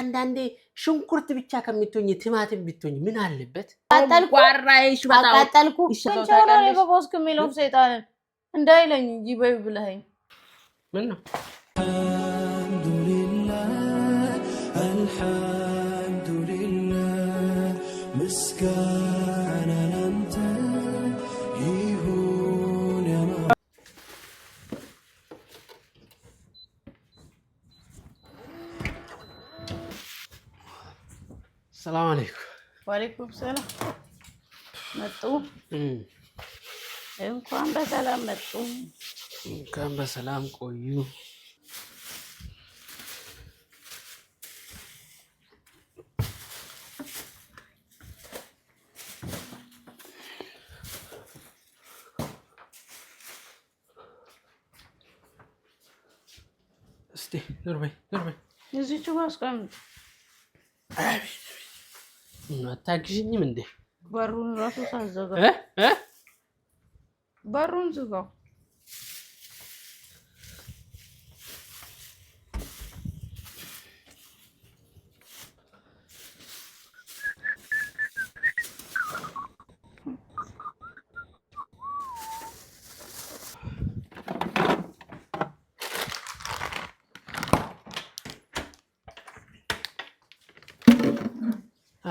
አንዳንዴ ሽንኩርት ብቻ ከሚቶኝ ቲማቲም ብትሆኝ ምን አለበት? አቃጠልኩ በቦስክ የሚለው ሰይጣን እንዳይለኝ ይበይ በይ ብለኸኝ ምን ነው አልሐምዱሊላህ አልሐምዱሊላህ ምስጋና ሰላም አለይኩም። ወአለይኩም ሰላም መጡ። እንኳን በሰላም መጡ። እንኳን በሰላም ቆዩ። እስቲ ዞር በይ ዞር በይ እዚች አታግዥኝም እንዴ? በሩን ራሱ ሳዘጋ በሩን ዝጋው።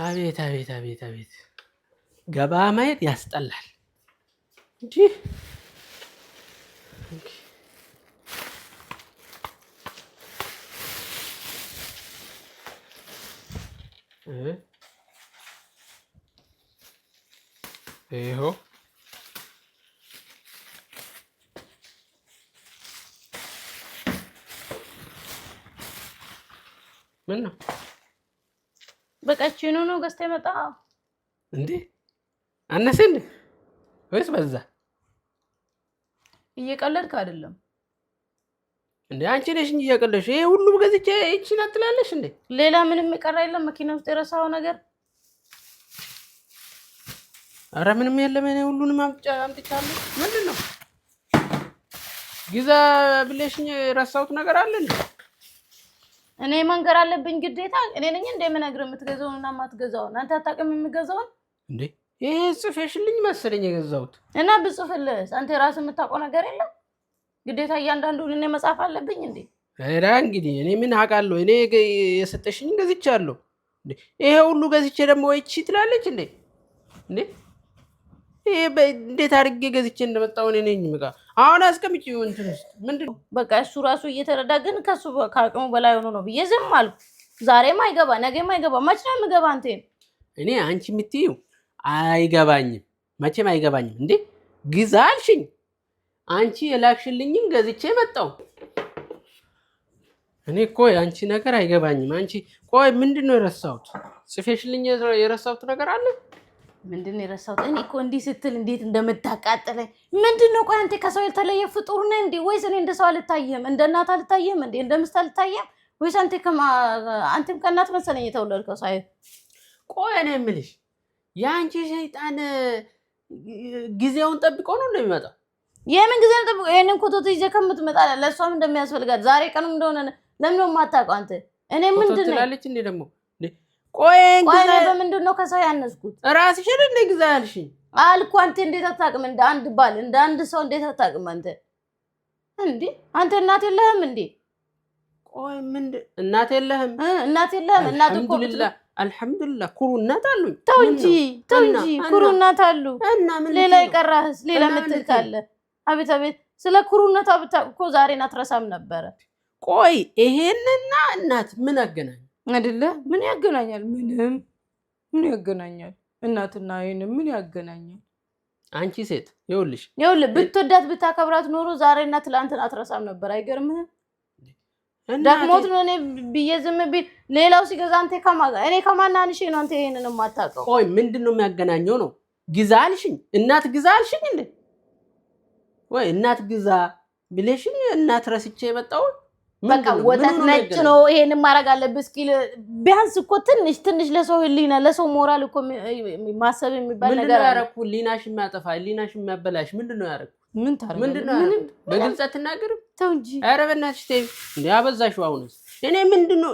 አቤት አቤት አቤት አቤት ገባ ማየት ያስጠላል። እንጂ ይሆ ምን ነው በቃችኑ ነው ገዝታ ይመጣ እንዴ? አነሰን ወይስ በዛ? እየቀለድክ አይደለም እንዴ? አንቺ ነሽ እንጂ እያቀለድሽ። ይሄ ሁሉም ገዝቼ ይቺን አትላለሽ እንዴ? ሌላ ምንም የቀረ የለም? መኪና ውስጥ የረሳው ነገር? አረ ምንም የለም። እኔ ሁሉንም አምጫ አምጥቻለሁ። ምንድን ነው ግዛ ብለሽኝ የረሳሁት ነገር አለ እንዴ? እኔ መንገር አለብኝ ግዴታ። እኔ ነኝ እንደምነግር የምትገዛውን እና የማትገዛውን አንተ አታውቅም። የሚገዛውን እንዴ ይሄ ጽፌሽልኝ መሰለኝ የገዛሁት እና ብጽፍልስ አንተ ራስህ የምታውቀው ነገር የለም። ግዴታ እያንዳንዱን እኔ መጻፍ አለብኝ እንዴ? ራ እንግዲህ እኔ ምን አውቃለሁ? እኔ የሰጠሽኝ ገዝቻለሁ። ይሄ ሁሉ ገዝቼ ደግሞ ወይቺ ትላለች እንዴ? እንዴ ይሄ እንዴት አድርጌ ገዝቼ እንደመጣው እኔ ነኝ ምቃ አሁን አስቀምጪው እንትን ውስጥ ምንድን ነው በቃ እሱ ራሱ እየተረዳ ግን ከሱ ከአቅሙ በላይ ሆኖ ነው ብዬ ዝም አልኩ። ዛሬም አይገባ ነገም አይገባ መች ነው የምገባ? አንተን እኔ አንቺ የምትይው አይገባኝም፣ መቼም አይገባኝም። እንዴ ግዛ አልሽኝ፣ አንቺ የላክሽልኝም ገዝቼ መጣው? እኔ ቆይ አንቺ ነገር አይገባኝም። አንቺ ቆይ ምንድን ነው የረሳሁት? ጽፌሽልኝ የረሳሁት ነገር አለ ምንድን ነው የረሳሁት? እኔ እኮ እንዲህ ስትል እንዴት እንደምታቃጥለኝ ምንድን ነው? ቆይ አንተ ከሰው የተለየ ፍጡር ነህ እንዴ? ወይስ እኔ እንደ ሰው አልታየም? እንደ እናት አልታየም እንዴ? እንደ ምስት አልታየም? ወይስ አንተም ከእናት መሰለኝ የተወለድከው ሳይ። ቆይ እኔ የምልሽ የአንቺ ሸይጣን ጊዜውን ጠብቆ ነው እንደሚመጣ የምን ጊዜ ነው ጠብቆ? ይሄንን ኮቶት ይዤ ከምትመጣ ለእሷም እንደሚያስፈልጋት ዛሬ ቀኑም እንደሆነ ለምን ነው አንተ? እኔ ምንድን ነው ትላለች እንዴ ደግሞ ቆይ እንግዲህ በምንድን ነው ከሰው ያነስኩት? ራስሽን ግዛ አልኩ። አንተ እንዴት አታውቅም? እንደ አንድ ባል እንደ አንድ ሰው እንዴት አታውቅም? አንተ እንዴ አንተ እናት የለህም እንዴ? ቆይ እናት የለህም? እናት የለህም? እናት እኮ አልሐምዱሊላህ ኩሩ እናት ተው እንጂ ተው እንጂ ኩሩ እናት አሉ። ሌላ ሌላ ምትል ካለ አቤት አቤት። ስለ ኩሩነቷ ብታውቅ እኮ ዛሬን አትረሳም ነበረ። ቆይ ይሄንና እናት ምን አገናኝ አይደለ? ምን ያገናኛል? ምንም። ምን ያገናኛል? እናትና ይህን ምን ያገናኛል? አንቺ ሴት ይኸውልሽ፣ ይኸውልህ ብትወዳት ብታከብራት ኖሮ ዛሬና ትላንትን አትረሳም ነበር። አይገርምህም? ዳክሞት ነው እኔ ብዬ ዝም ቢል ሌላው ሲገዛ አንተ ከማጋ እኔ ከማናንሽ ነው አንተ ይህንን የማታውቀው። ቆይ ምንድን ነው የሚያገናኘው? ነው ግዛ አልሽኝ፣ እናት ግዛ አልሽኝ እንዴ? ወይ እናት ግዛ ብለሽኝ እናት ረስቼ የመጣውን በቃ ወተት ነጭ ነው፣ ይሄን ማድረግ አለብህ እስኪል ቢያንስ እኮ ትንሽ ትንሽ ለሰው ህሊና ለሰው ሞራል እኮ ማሰብ የሚባል ነገር አለ። ያረኩ ህሊናሽ የሚያጠፋ ህሊናሽ የሚያበላሽ ምንድን ነው ያረኩ? ምን ታረጋለህ? ምንድን ነው ያረኩ? በግልጽ አትናገርም። ተው እንጂ ኧረ በእናትሽ ተይ እንዴ! አበዛሽው። አሁንስ እኔ ምንድን ነው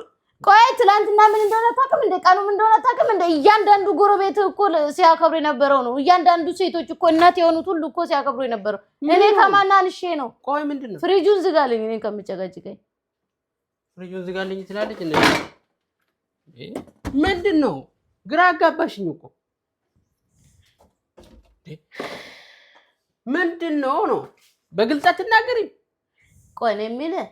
ቆይ ትላንትና ምን እንደሆነ ታውቅም እንደ ቀኑ ምን እንደሆነ ታውቅም እንደ እያንዳንዱ ጎረቤት እኮ ሲያከብሩ የነበረው ነው። እያንዳንዱ ሴቶች እኮ እናት የሆኑት ሁሉ እኮ ሲያከብሩ የነበረው እኔ ከማናንሼ ነው። ቆይ ምንድን ነው ፍሪጁን ዝጋልኝ እኔን ከምጨቀጭቀኝ ፍሪጁን ዝጋልኝ ትላለች። እንደ ምንድን ነው ግራ አጋባሽኝ እኮ ምንድን ነው ነው በግልጽ አትናገሪ። ቆይ እኔ የምልህ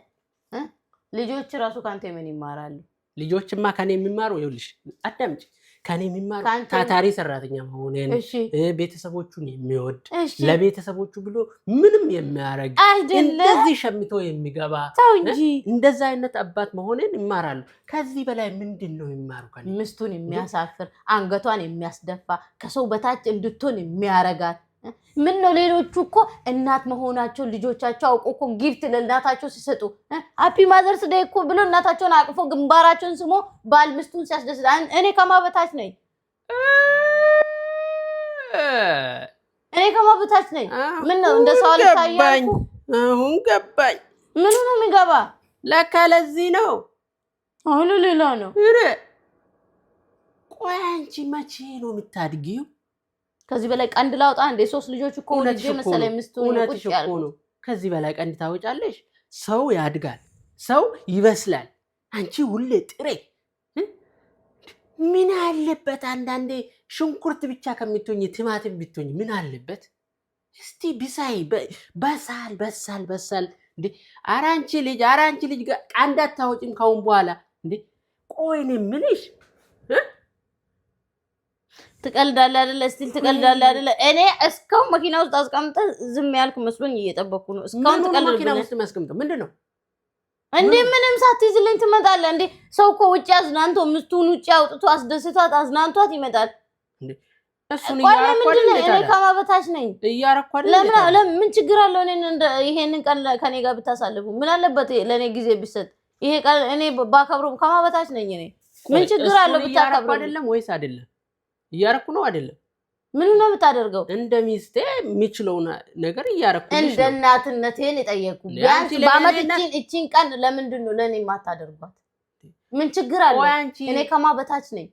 ልጆች ራሱ ከአንተ ምን ይማራሉ? ልጆችማ ከኔ የሚማሩ ይኸውልሽ፣ አዳምጪ ከኔ የሚማሩ ታታሪ ሰራተኛ መሆንን ቤተሰቦቹን የሚወድ ለቤተሰቦቹ ብሎ ምንም የሚያደርግ እንደዚህ ሸምቶ የሚገባ እንደዛ አይነት አባት መሆንን ይማራሉ። ከዚህ በላይ ምንድን ነው ይማሩ? ምስቱን የሚያሳፍር አንገቷን የሚያስደፋ ከሰው በታች እንድትሆን የሚያረጋት ምን ነው ሌሎቹ እኮ እናት መሆናቸው ልጆቻቸው አውቆ እኮ ጊፍት ለእናታቸው ሲሰጡ ሀፒ ማዘርስ ደይ እኮ ብሎ እናታቸውን አቅፎ ግንባራቸውን ስሞ ባል ምስቱን ሲያስደስት እኔ ከማበታች ነኝ እኔ ከማበታች ነኝ። ምን ነው እንደ ሰው ልታያኝ አሁን ገባኝ። ምኑ ነው የሚገባ? ለካ ለዚህ ነው አሁኑ ሌላ ነው። ቆይ አንቺ መቼ ነው የምታድጊው? ከዚህ በላይ ቀንድ ላውጣ እንዴ? ሶስት ልጆች እኮ ልጅ መሰለኝ ምስት እውነትሽ እኮ ነው። ከዚህ በላይ ቀንድ ታወጫለሽ። ሰው ያድጋል፣ ሰው ይበስላል። አንቺ ሁሌ ጥሬ ምን አለበት? አንዳንዴ ሽንኩርት ብቻ ከምትሆኝ ቲማቲም ብትሆኝ ምን አለበት? እስቲ ብሳይ በሳል በሳል በሳል እንዴ! ኧረ አንቺ ልጅ ኧረ አንቺ ልጅ ቀንድ አታወጪም ካሁን በኋላ እንዴ! ቆይን ምልሽ ትቀልዳለህ አይደለ? እስቲል ትቀልዳለህ አይደለ? እኔ እስካሁን መኪና ውስጥ አስቀምጠ ዝም ያልክ መስሎኝ እየጠበኩ ነው። እስካሁን ትቀልድ መኪና ምንድን ነው እንዴ? ምንም ሳትይዝልኝ ትመጣለህ እንዴ? ሰው እኮ ውጭ አዝናንቶ ምስቱን ውጭ አውጥቶ አስደስቷት አዝናንቷት ይመጣል። እሱን እኔ ከማበታች ነኝ። ምን ችግር አለው? ይሄንን ቀን ከኔ ጋር ብታሳልፉ ምን አለበት? ለእኔ ጊዜ ብሰጥ ይሄ ቀን እኔ ባከብረው ከማበታች ነኝ። እኔ ምን ችግር አለው ብታከብሮ? አይደለም ወይስ አይደለም እያረኩ ነው አይደለም? ምን ነው የምታደርገው? እንደ ሚስቴ የሚችለው ነገር እያረኩ እንደ እናትነቴን የጠየቁ ቢያንስ በአመት እቺን ቀን ለምንድን ነው ለእኔ የማታደርጓት? ምን ችግር አለ? እኔ ከማ በታች ነኝ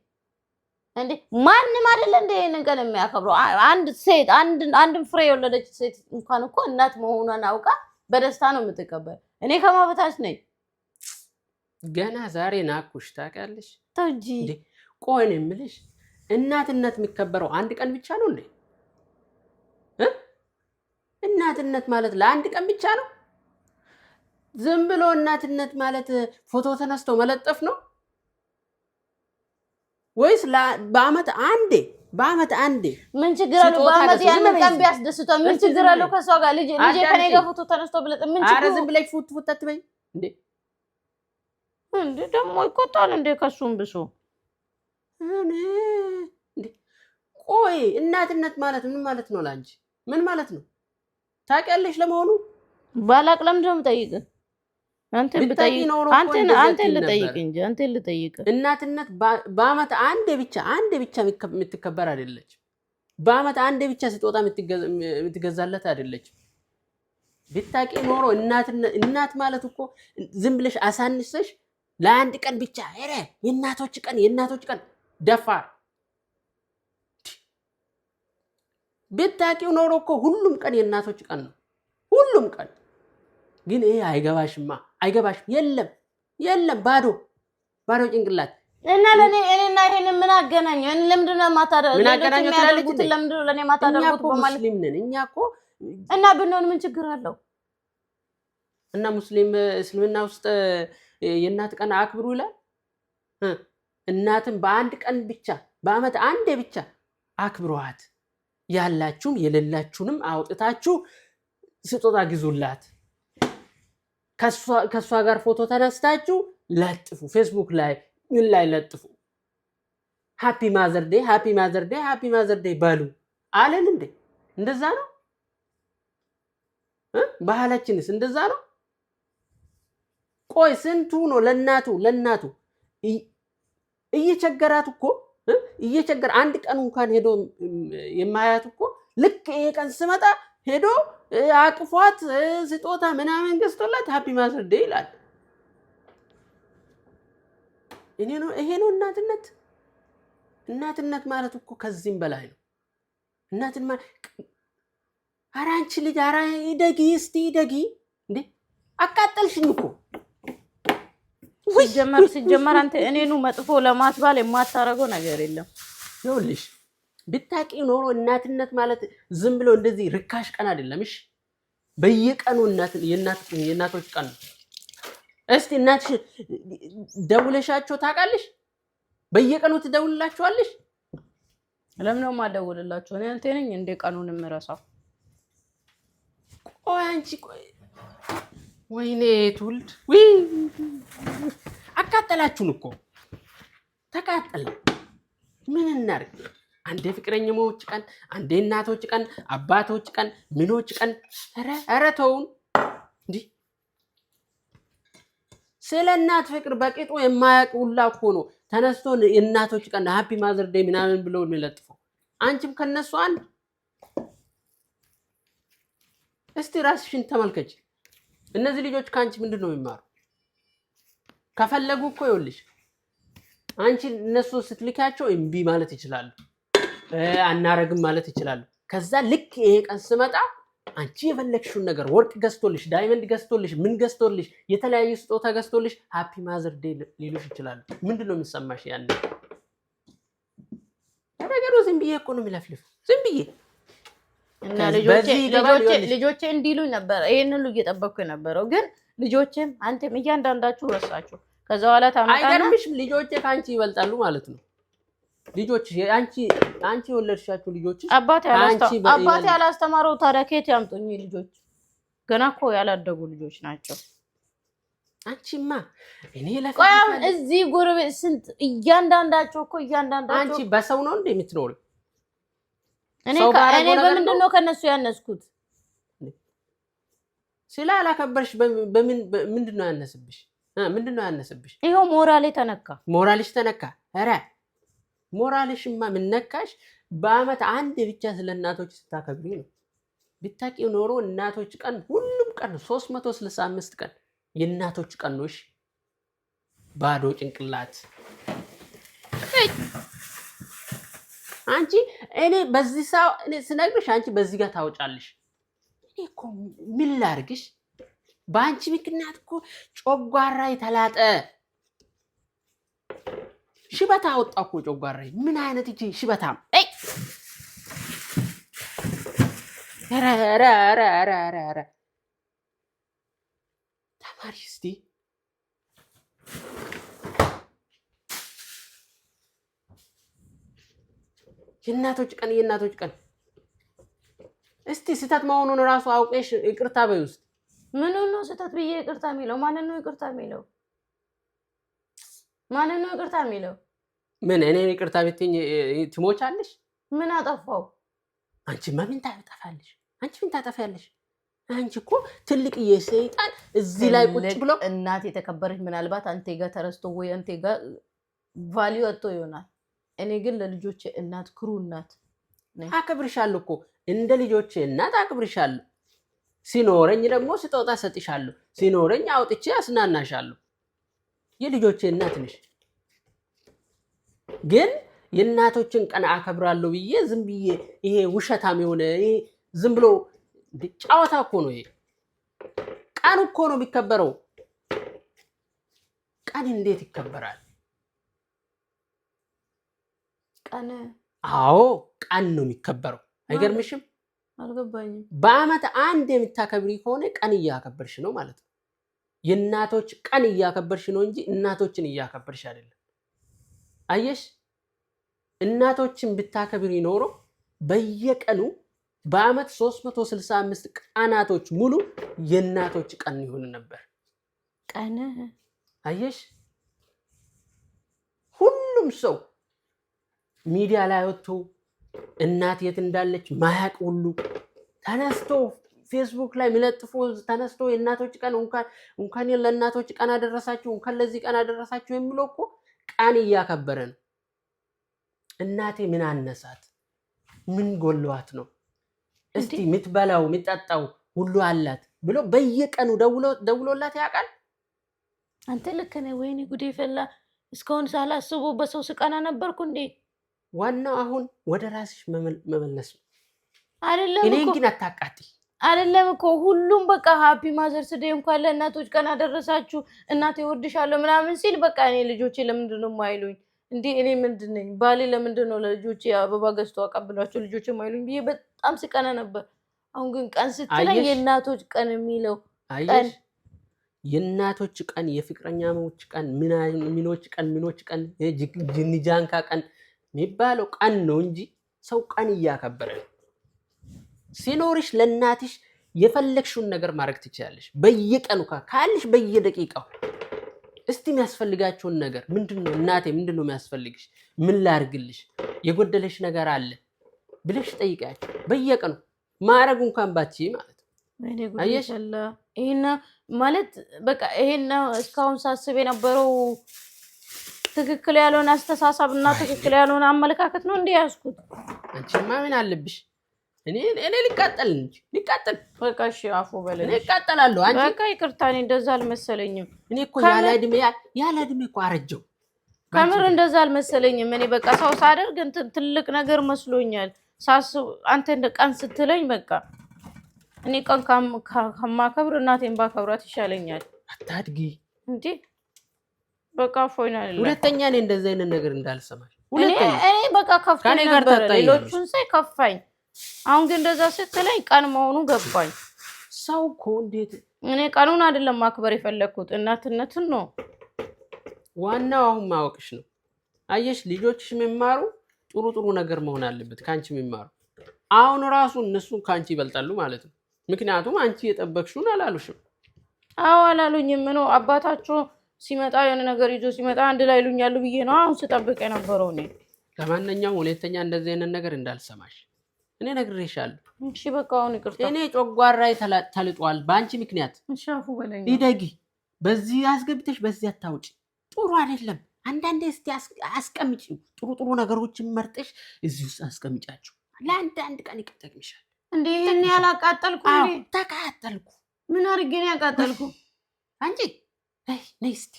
እንዴ? ማንም አይደለ እንደ ይህንን ቀን የሚያከብረው? አንድ ሴት አንድን ፍሬ የወለደች ሴት እንኳን እኮ እናት መሆኗን አውቃ በደስታ ነው የምትቀበል። እኔ ከማ በታች ነኝ። ገና ዛሬ ናኩሽ ታውቂያለሽ? ተው እንጂ ቆይ ነው የምልሽ እናትነት የሚከበረው አንድ ቀን ብቻ ነው እንዴ? እናትነት ማለት ለአንድ ቀን ብቻ ነው? ዝም ብሎ እናትነት ማለት ፎቶ ተነስቶ መለጠፍ ነው ወይስ በአመት አንዴ በአመት አንዴ ምን ችግር አለው? በአመት ያንን ቀን ቢያስደስቷ ምን ችግር አለው? ከሷ ጋር ልጅ ልጅ ከኔ ጋር ፎቶ ተነስቶ ብለጥ ምን ችግር? ኧረ ዝም ብለሽ ፉት ፉት አትበይ እንዴ! እንዴ ደግሞ ይቆጣል እንዴ ከሱም ብሶ ቆይ እናትነት ማለት ምን ማለት ነው? ላንቺ ምን ማለት ነው? ታውቂያለሽ? ለመሆኑ ባላቅ ለምንድን ነው የምጠይቅህ? አንተን ብጠይቅ አንተን ልጠይቅ እንጂ አንተን ልጠይቅ። እናትነት በአመት አንዴ ብቻ አንዴ ብቻ የምትከበር አይደለች። በአመት አንዴ ብቻ ስጦታ የምትገዛለት አይደለች። ብታውቂ ኖሮ እናትነት እናት ማለት እኮ ዝም ብለሽ አሳንሰሽ ለአንድ ቀን ብቻ ኧረ የእናቶች ቀን የእናቶች ቀን ደፋር ብታውቂው ኖሮ እኮ ሁሉም ቀን የእናቶች ቀን ነው። ሁሉም ቀን ግን ይሄ አይገባሽማ፣ አይገባሽም። የለም የለም፣ ባዶ ባዶ ጭንቅላት እና ለኔ እኔና ይሄን ምን አገናኘው? እኔ ለምንድን ነው የማታደርጉት? ለምንድን ነው ለኔ የማታደርጉት? ሙስሊም ነን እኛ እኮ እና ብንሆን ምን ችግር አለው? እና ሙስሊም እስልምና ውስጥ የእናት ቀን አክብሩ ይላል። እናትን በአንድ ቀን ብቻ በዓመት አንዴ ብቻ አክብሯት። ያላችሁም የሌላችሁንም አውጥታችሁ ስጦታ ግዙላት። ከእሷ ጋር ፎቶ ተነስታችሁ ለጥፉ፣ ፌስቡክ ላይ ምን ላይ ለጥፉ። ሃፒ ማዘርዴ፣ ሃፒ ማዘርዴ፣ ሃፒ ማዘርዴ በሉ አለን እንዴ? እንደዛ ነው ባህላችንስ? እንደዛ ነው። ቆይ ስንቱ ነው ለእናቱ ለእናቱ እየቸገራት እኮ እየቸገረ አንድ ቀን እንኳን ሄዶ የማያት እኮ ልክ ይሄ ቀን ስመጣ ሄዶ አቅፏት ስጦታ ምናምን ገዝቶላት ሀፒ ማስርደ ይላል። እኔ ነው ይሄ ነው እናትነት። እናትነት ማለት እኮ ከዚህም በላይ ነው። እናትን ኧረ ልጅ ኧረ ይደጊ እስቲ ደጊ እንዴ! አቃጠልሽኝ እኮ ሲጀመር ሲጀመር አንተ እኔኑ መጥፎ ለማትባል የማታረገው ነገር የለም። ይኸውልሽ ብታቂ ኖሮ እናትነት ማለት ዝም ብሎ እንደዚህ ርካሽ ቀን አይደለም። እሺ በየቀኑ የእናቶች ቀን ነው። እስቲ እናትሽ ደውለሻቸው ታውቃለሽ? በየቀኑ ትደውልላቸዋለሽ? ለምን ማደውልላቸው? እኔ አንተ ነኝ እንደ ቀኑን የምረሳው። ቆይ አንቺ ቆይ ወይኔ ትውልድ ውይ አቃጠላችሁን እኮ ተቃጠል። ምን እናርግ? አንዴ ፍቅረኛሞች ቀን፣ አንዴ እናቶች ቀን፣ አባቶች ቀን፣ ምኖች ቀን። ኧረ ተውን እንዲህ ስለ እናት ፍቅር በቂጡ የማያውቅ ሁላ እኮ ነው ተነስቶ የእናቶች ቀን ሀፒ ማዘር ዴይ ምናምን ብለው የሚለጥፈው። አንቺም ከነሱ አንድ። እስቲ ራስሽን ተመልከች። እነዚህ ልጆች ከአንቺ ምንድን ነው የሚማሩ? ከፈለጉ እኮ ይኸውልሽ አንቺ እነሱ ስትልኪያቸው እምቢ ማለት ይችላሉ፣ አናረግም ማለት ይችላሉ። ከዛ ልክ ይሄ ቀን ስመጣ አንቺ የፈለግሽውን ነገር ወርቅ ገዝቶልሽ፣ ዳይመንድ ገዝቶልሽ፣ ምን ገዝቶልሽ፣ የተለያዩ ስጦታ ገዝቶልሽ ሀፒ ማዘር ዴ ሊሉሽ ይችላሉ። ምንድን ነው የምትሰማሽ? ነገሩ ዝም ብዬ እኮ ነው የሚለፍልፍ ዝም ብዬ እና ልጆቼ እንዲሉኝ ነበረ። ይህን ሁሉ እየጠበቅኩ የነበረው ግን ልጆቼም አንተም እያንዳንዳችሁ ረሳችሁ። ከዛ በኋላ ታመጣና አይገርምሽም፣ ልጆቼ ከአንቺ ይበልጣሉ ማለት ነው። ልጆች አንቺ አንቺ የወለድሻቸው ልጆች አባቴ ያላስተማረው ታዲያ ከየት ያምጡኝ? ልጆች ገና እኮ ያላደጉ ልጆች ናቸው። አንቺማ እኔ ለቆያም እዚህ ጎረቤት ስንት እያንዳንዳቸው እኮ እያንዳንዳቸው አንቺ በሰው ነው እንደ የምትኖሪው እኔ በምንድን ነው ከነሱ ያነስኩት? ስለ አላከበርሽ ምንድን ነው ያነስብሽ? ምንድን ነው ያነስብሽ? ይኸው ሞራሌ ተነካ፣ ሞራልሽ ተነካ። ኧረ ሞራልሽማ በአመት አንድ ብቻ ስለ እናቶች ስታከብሪ ነው። ብታቂ ኖሮ እናቶች ቀን ሁሉም ቀን ሶስት መቶ ስልሳ አምስት ቀን የእናቶች ቀኖሽ ባዶ ጭንቅላት አንቺ እኔ በዚህ ሰው እኔ ስነግርሽ አንቺ በዚህ ጋር ታውጫለሽ። እኔ እኮ ምን ላርግሽ? በአንቺ ምክንያት እኮ ጮጓራ የተላጠ ሽበታ ወጣ እኮ ጮጓራ። ምን አይነት እጅ ሽበታም ተማሪ እስቲ የእናቶች ቀን የእናቶች ቀን። እስቲ ስህተት መሆኑን እራሱ አውቄሽ ይቅርታ በይ ውስጥ ምን ነው ስህተት ብዬ ይቅርታ የሚለው ማንን ነው? ይቅርታ የሚለው ማንን ነው? ይቅርታ የሚለው ምን እኔ ይቅርታ ቤትኝ አለሽ? ምን አጠፋው? አንቺማ ምን ታጠፋለሽ? አንቺ ምን ታጠፋለሽ? አንቺ እኮ ትልቅ የሰይጣን እዚህ ላይ ቁጭ ብሎ እናት የተከበረች ምናልባት አንቴ ጋ ተረስቶ ወይ አንቴ ጋ ቫሊዩ አጥቶ ይሆናል እኔ ግን ለልጆች እናት ክሩ እናት አክብርሻለሁ እኮ እንደ ልጆች እናት አክብርሻለሁ። ሲኖረኝ ደግሞ ስጦታ ሰጥሻለሁ። ሲኖረኝ አውጥቼ አስናናሻለሁ። የልጆች እናት ነሽ። ግን የእናቶችን ቀን አከብራለሁ ብዬ ዝም ብዬ ይሄ ውሸታም የሆነ ይሄ ዝም ብሎ ጨዋታ እኮ ነው። ይሄ ቀን እኮ ነው የሚከበረው። ቀን እንዴት ይከበራል? ቀን? አዎ ቀን ነው የሚከበረው። አይገርምሽም? አልገባኝም። በአመት አንድ የምታከብሪ ከሆነ ቀን እያከበርሽ ነው ማለት ነው። የእናቶች ቀን እያከበርሽ ነው እንጂ እናቶችን እያከበርሽ አይደለም። አየሽ፣ እናቶችን ብታከብሪ ኖሮ በየቀኑ በአመት 365 ቀናቶች ሙሉ የእናቶች ቀን ይሆን ነበር። ቀን አየሽ ሁሉም ሰው ሚዲያ ላይ ወጥቶ እናት የት እንዳለች ማያቅ ሁሉ ተነስቶ ፌስቡክ ላይ የሚለጥፉ ተነስቶ የእናቶች ቀን እንኳን ለእናቶች ቀን አደረሳችሁ እንኳን ለዚህ ቀን አደረሳችሁ የሚለው እኮ ቀን እያከበረ ነው። እናቴ ምን አነሳት? ምን ጎለዋት ነው? እስቲ የምትበላው የምጠጣው ሁሉ አላት ብሎ በየቀኑ ደውሎላት ያውቃል? አንተ ልክ ነህ። ወይኔ ጉዴ ፈላ። እስካሁን ሳላስቡ በሰው ስቀና ነበርኩ እንዴ? ዋናው አሁን ወደ ራስሽ መመለስ ነው። አይደለም እኔ ግን አታቃቴ አይደለም እኮ ሁሉም በቃ ሀፒ ማዘርስ ዴይ እንኳን ለእናቶች ቀን አደረሳችሁ እናቴ እወድሻለሁ ምናምን ሲል በቃ እኔ ልጆቼ ለምንድን ነው የማይሉኝ እንዴ? እኔ ምንድን ነኝ? ባሌ ለምንድን ነው ለልጆቼ አበባ ገዝቶ አቀብሏቸው ልጆች የማይሉኝ ብዬ በጣም ስቀና ነበር። አሁን ግን ቀን ስትለኝ የእናቶች ቀን የሚለው ቀን የእናቶች ቀን፣ የፍቅረኛሞች ቀን፣ ሚኖች ቀን፣ ሚኖች ቀን፣ ጅንጃንካ ቀን የሚባለው ቀን ነው እንጂ ሰው ቀን እያከበረ ሲኖርሽ ለእናትሽ የፈለግሽውን ነገር ማድረግ ትችላለሽ። በየቀኑ ካልሽ በየደቂቃው እስቲ የሚያስፈልጋቸውን ነገር ምንድን ነው እናቴ፣ ምንድን ነው የሚያስፈልግሽ? ምን ላርግልሽ? የጎደለሽ ነገር አለ ብለሽ ጠይቃቸው። በየቀኑ ማድረጉ እንኳን ባትቺ ማለት ነው። ማለት በቃ ይሄን እስካሁን ሳስብ የነበረው ትክክል ያልሆነ አስተሳሰብ እና ትክክል ያልሆነ አመለካከት ነው እንደ ያዝኩት። አንቺማ ምን አለብሽ? እኔ እኔ ሊቃጠል እንጂ ሊቃጠል በቃ እሺ፣ አፎ በለኝ። እኔ እቃጠላለሁ። አንቺ በቃ ይቅርታ፣ እኔ እንደዛ አልመሰለኝም። እኔ እኮ ያለ እድሜ ያለ እድሜ እኮ አረጀው። ከምር እንደዛ አልመሰለኝም። እኔ በቃ ሰው ሳደርግ እንትን ትልቅ ነገር መስሎኛል ሳስብ፣ አንተ እንደ ቀን ስትለኝ በቃ እኔ ቀን ከማከብር እናቴን ባከብራት ይሻለኛል። አታድጊ እንዴ በቃ ፎይናል ሁለተኛ እኔ እንደዚህ አይነት ነገር እንዳልሰማል። እኔ በቃ ከፍቶኝ ነበረ ሌሎቹን ሳይ ከፋኝ። አሁን ግን እንደዛ ስትለኝ ቀን መሆኑ ገባኝ። ሰው እኮ እንዴት እኔ ቀኑን አይደለም ማክበር የፈለግኩት እናትነትን ነው። ዋናው አሁን ማወቅሽ ነው። አየሽ ልጆችሽ የሚማሩ ጥሩ ጥሩ ነገር መሆን አለበት ከአንቺ የሚማሩ። አሁን ራሱ እነሱ ከአንቺ ይበልጣሉ ማለት ነው። ምክንያቱም አንቺ የጠበቅሽውን አላሉሽም። አዎ አላሉኝም። ነው አባታቸው ሲመጣ የሆነ ነገር ይዞ ሲመጣ አንድ ላይ ይሉኛሉ ብዬ ነው አሁን ስጠብቅ የነበረው እኔ። ለማንኛውም ሁለተኛ እንደዚህ አይነት ነገር እንዳልሰማሽ እኔ ነግሬሻለሁ። እሺ በቃ አሁን ይቅርታ። እኔ ጮጓራዬ ተልጧል በአንቺ ምክንያት። ሻፉ በላይ ይደጊ በዚህ አስገብተሽ በዚህ አታውጪ፣ ጥሩ አይደለም። አንዳንዴ እስቲ አስቀምጪ፣ ጥሩ ጥሩ ነገሮችን መርጠሽ እዚህ ውስጥ አስቀምጫችሁ ለአንዳንድ ቀን ይቀጠቅሚሻል። እንዴ ይህን ያላቃጠልኩ ተቃጠልኩ። ምን አድርጌ ነው ያቃጠልኩ አንቺ ነይ እስኪ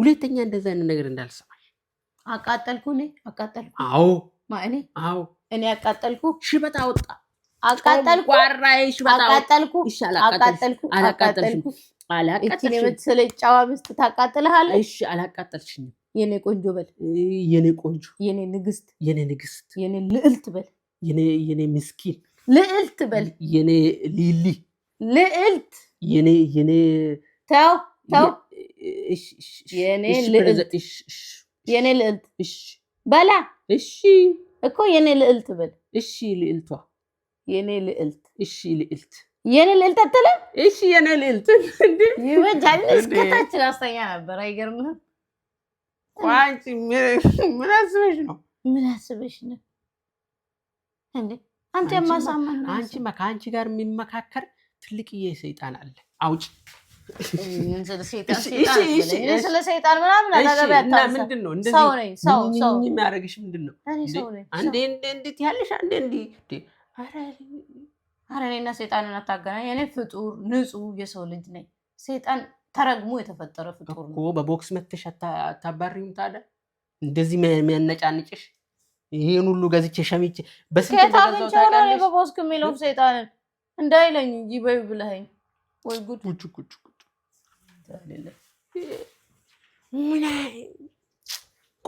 ሁለተኛ እንደዛ አይነት ነገር እንዳልሰማሽ። አቃጠልኩ እኔ አቃጠልኩ። አዎ ማእኔ አዎ እኔ አቃጠልኩ። ሽበጣ ወጣ አቃጠልኩ። ዋራዬ ሽበጣ አቃጠልኩ። አቃጠልኩ አላቃጠልኩ አላቃጠልኩ። የመሰለ ጫዋ ምስት ታቃጥልሃል። እሺ አላቃጠልሽኝም። የኔ ቆንጆ በል የኔ ቆንጆ፣ የኔ ንግስት፣ የኔ ንግስት፣ የኔ ልዕልት በል የኔ ምስኪን ልዕልት በል የኔ ሊሊ ልዕልት የኔ የኔ ተው የኔ ልዕልት በላ እሺ እኮ የኔ ልዕልት በል እሺ ልዕልቷ የኔ ልዕልት እሺ ልዕልት የኔ ልዕልት አትልም። እሺ የኔ ልዕልት ይበጃል። እስከታችን አስተኛ ነበር። አይገርምህም? ምን አስበሽ ነው? ምን አስበሽ ነው? አንተ የማሳመን ከአንቺ ጋር የሚመካከር ትልቅዬ ሰይጣን አለ። አውጭ ስለ ሰይጣን ምናምን አላገባ ምንድን ነው የሚያደርግሽ? ምንድን ነው አንዴ እንዴት ያለሽ አንዴ እንዲህ እኔና ሰይጣንን አታገናኝ። እኔ ፍጡር የሰው ልጅ ነኝ። ሰይጣን ተረግሞ የተፈጠረ ፍጡር ነው። በቦክስ መተሽ ታዲያ? እንደዚህ የሚያነጫንጭሽ ይህን ሁሉ ገዝቼ ሸሚቼ በስንት በቦክስ የሚለው ሰይጣንን እንዳይለኝ ይበይ ብለኸኝ ወይ ጉድ ጉጭ ጉጭ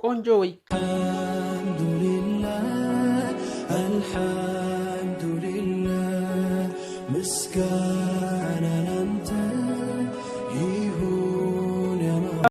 ቆንጆ ወይ አልሐምዱሊላህ ምስጋና